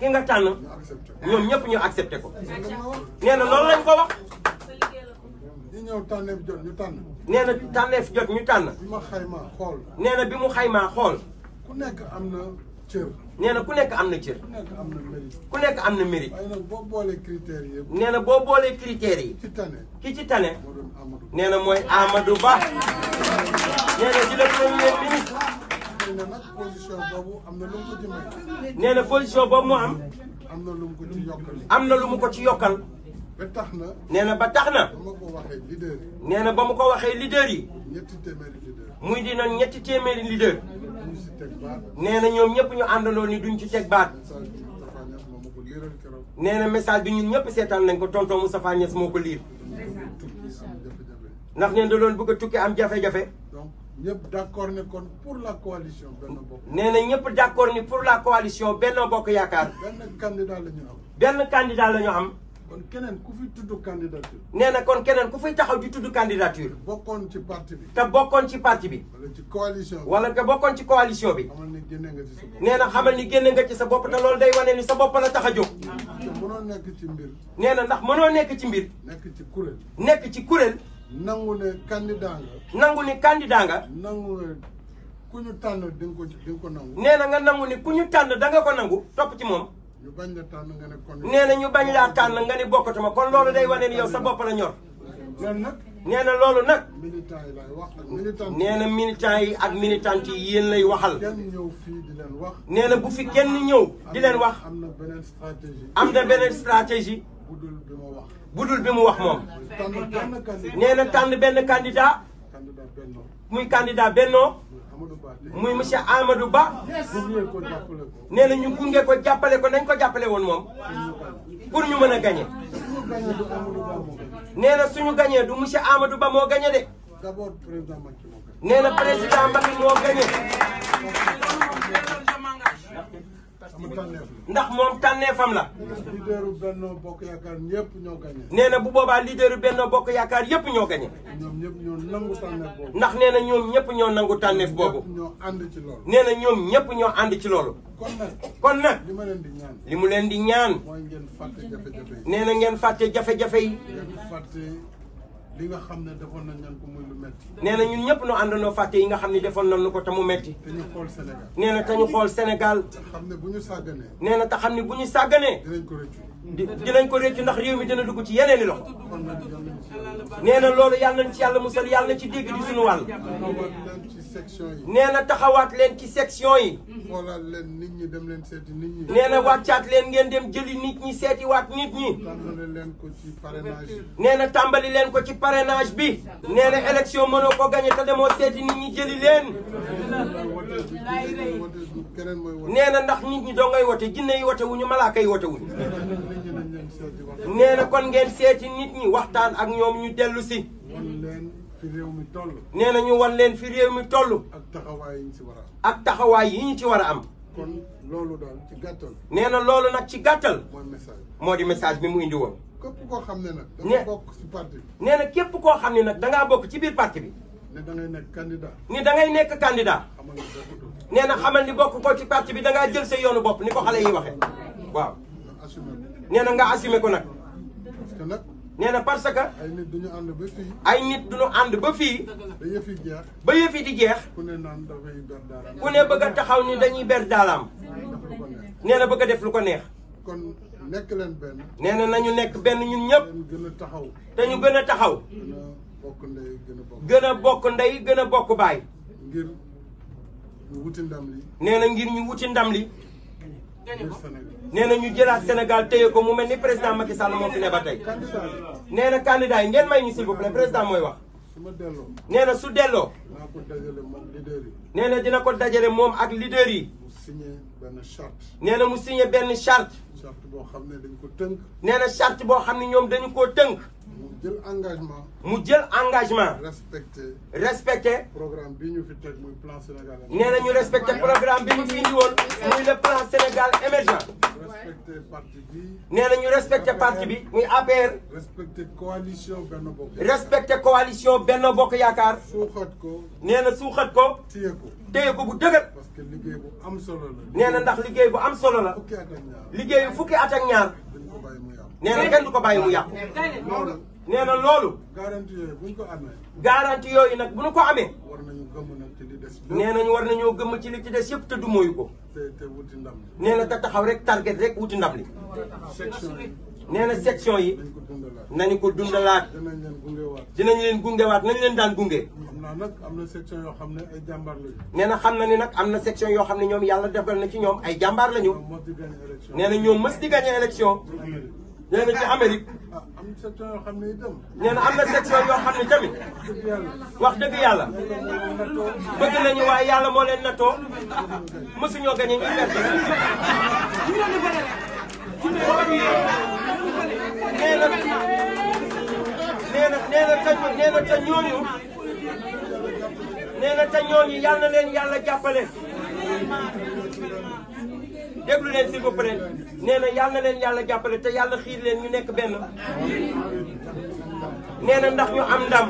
ki nga tànn ñoom ñëpp ñu accepté ko nee na loolu lañ ko wax ñu ñëw tànneef jot ñu tànn nee na tànneef jot ñu tànn bi ma xaymaa xool nee na bi mu xaymaa xool ku nekk am na cër nee ku nekk am na cër ku nekk am na mérite ku boo boolee critères yi boo boolee critères yi ci tane ki ci tane nee na mooy Amadou Ba nee na di la premier ministre na nag position boobu am na lu mu ko ci may. boobu mu am. am na lu ko ci am na lu mu ko ci yokkal. ba tax na. nee na ba tax na. ba ko waxee leader yi. nee na ba mu ko waxee leader yi. ñetti téeméeri leader. muy dina ñetti téeméeri leader. nee na ñoom ñëpp ñu àndandoo ni duñ ci teg baat. nee na message bi ñun ñëpp seetaan nañ ko mu Moustapha Niass moo ko liir. ndax neen da doon bëgg a tukki am jafe-jafe. ñëpp d'accord ne kon pour la coalition Benno Bokk. nee na ñëpp d'accord ni pour la coalition Benno Bokk Yaakaar. benn candidat la ñu am. benn candidat la ñu am. kon keneen ku fi tudd candidature. nee kon keneen ku fi taxaw di tudd candidature. bokkoon ci parti te bokkoon ci parti bi. wala ci coalition wala nga bokkoon ci coalition bi. xamal ni génne nga ci sa xamal ni génne nga ci sa bopp te loolu day wane ni sa boppa la tax a jóg. te mënoo nekk ci mbir. nee na ndax mënoo nekk ci mbir. nekk ci kuréel. nekk ci kuréel. nangu ne candidat nga. nangu ni candidat nga. nangu ne ñu tànn di ko di nga ko nangu. nee na nga nangu ni ku ñu tànn da nga ko nangu topp ci moom. ñu bañ la tànn nga kon. nee na ñu bañ laa tànn nga ne bokkatuma kon loolu day wane ni sa bopp la ñor. loolu nag. nee loolu nag. militant yi laay wax ak militant. nee na militant yi ak militant yi yéen lay waxal. kenn ñëw fii di leen wax. nee na bu fi kenn ñëw. di leen wax am na beneen stratégie. am na beneen stratégie. budul bi mu wax. budul bi mu wax moom. nee na tànn benn candidat. muy candidat Benno. muy monsieur Amadou Ba. nee na ñu gunge ko jàppale ko nañ ko jàppale woon moom. pour ñu mën a gagné. nee na suñu gagné du monsieur Amadou Ba moo gagné de. nee na président Macky moo gagné. ndax moom tànneefam la. leaderu Benno Bokk Yaakaar ñëpp ñoo na bu boobaa leaderu Benno Bokk Yaakaar yëpp ñoo gagné. ñoom ñëpp ñoo nangu tànneef ndax nee na ñoom ñëpp ñoo nangu tànneef boobu. ñoo ànd ci loolu. nee na ñoom ñëpp ñoo ànd ci loolu. kon nag kon nag. li ma leen di mu leen di ñaan. mooy ngeen fàtte jafe-jafe yi. nee na ngeen fàtte jafe-jafe yi. li nga xam ne defoon nañ leen ko muy lu nee na ñun ñëpp ñu àndandoo fàtte yi nga xam ni defoon nañ ko te mu metti. te ñu xool Sénégal nee na te ñu xool Sénégal. te xam ne bu ñu sàgganee. nee na te xam ne bu ñu sàgganee. dinañ ko dinañ ko réccu ndax réew mi dina dugg ci yeneeni loxo nee na loolu yàlla nañ ci yàlla musal yàlla na ci dégg di suñu wàll nee na taxawaat leen ci section yi xoolaat leen nit dem leen seeti nit ñi nee na leen ngeen dem jëli nit ñi seeti waat nit ñi nee na tàmbali leen ko ci parenage bi nee na élection mënoo ko gañe te demoo seeti nit ñi jëli leen nee na ndax nit ñi doo ngay wote jinne yi wote wuñu malaaka yi wote wuñu nee na kon ngeen seeti nit ñi waxtaan ak ñoom ñu dellu si nee na ñu wan leen fi réew toll ak taxawaay yi ñu ci war a am kon loolu daal ci gàttal. nee na loolu nag ci gàttal. mooy message moo di message bi mu indi woon. képp koo xam ne nag. da ci parti bi. képp koo xam ne nag da bokk ci biir parti bi. ne da ngay nekk candidat. ni da ngay nekk candidat. nee na xamal ni bokk ko ci parti bi da jël sa yoonu bopp ni ko xale yi waxee waaw. nee na nga assumé ko nag. nee na parce que. ay nit du ñu ànd ba fii. ay nit du ñu ànd ba fii. ba yëf ba di jeex. ku ne naan dafay ber bëgg a taxaw ni dañuy ber daalaam. nee na bëgg a def lu ko neex. kon nekk leen benn. nee na nañu nekk benn ñun ñëpp. te ñu gën a taxaw. bokk ndey gën a bokk. gën a bokk ndey gën a bokk baay. ngir ñu wuti ndam li. nee na ngir ñu wuti ndam li. nee na ñu jëlaat senegal téye ko mu mel ni président Macky Sall moo fi ne ba tey. nee na candidat yi ngeen may ñu s'il vous plaît président mooy wax. nee su delloo. nee na dina ko dajale moom ak leader yi. ñee na mu signé benn charte. nee na charte boo xam ne dañu ko tënk. nee na boo xam ne ñoom dañu koo tënk. mu jël engagement. mu jël engagement. respecté. respecté. programme bi ñu fi teg muy plan Sénégal. nee na ñu respecté programme bi ñu fi indi woon muy le plan Sénégal émergent. respecté parti bi. nee na ñu respecté parti bi muy APR. respecté coalition Benno Bokk Yaakaar. respecté coalition Benno Yaakaar. suuxat ko. nee na suuxat ko. téye ko téye ko bu dëgër. parce que liggéey bu am solo la. nee na ndax liggéey bu am solo la. liggéey fukki at ak ñaar. nee na kenn du ko bàyyi mu yàqu. nee na loolu. garanti yooyu bu ñu ko amee. garanti nag bu ñu ko amee. war na gëmm nag ci li des. nee war nañoo gëmm ci li ci des yëpp te du mooyu ko. te te nee na te taxaw rek target rek wuti ndam li. section yi. nee na section yi nañu ko dundalaat. dinañ leen gungewaat. dinañ leen gungewaat nañ leen daan gunge. xam am na yoo xam ne ay jàmbaar nee na xam na ni nag am na section yoo xam ne ñoom yàlla defal na ci ñoom ay jàmbaar lañu. nee na ñoom mës di gagné élection. nee na ci Amérique. am na section yoo xam ne tamit. wax dëgg yàlla. bëgg nañu waaye yàlla moo leen nattoo. mësuñoo gañe ñu perte. nee na nee na nee na te nee na te yàlla leen yàlla jàppale. déglu leen s'il vous plaît na yàlla na leen yàlla jàppale te yàlla xiir leen ñu nekk benn nee na ndax ñu am ndam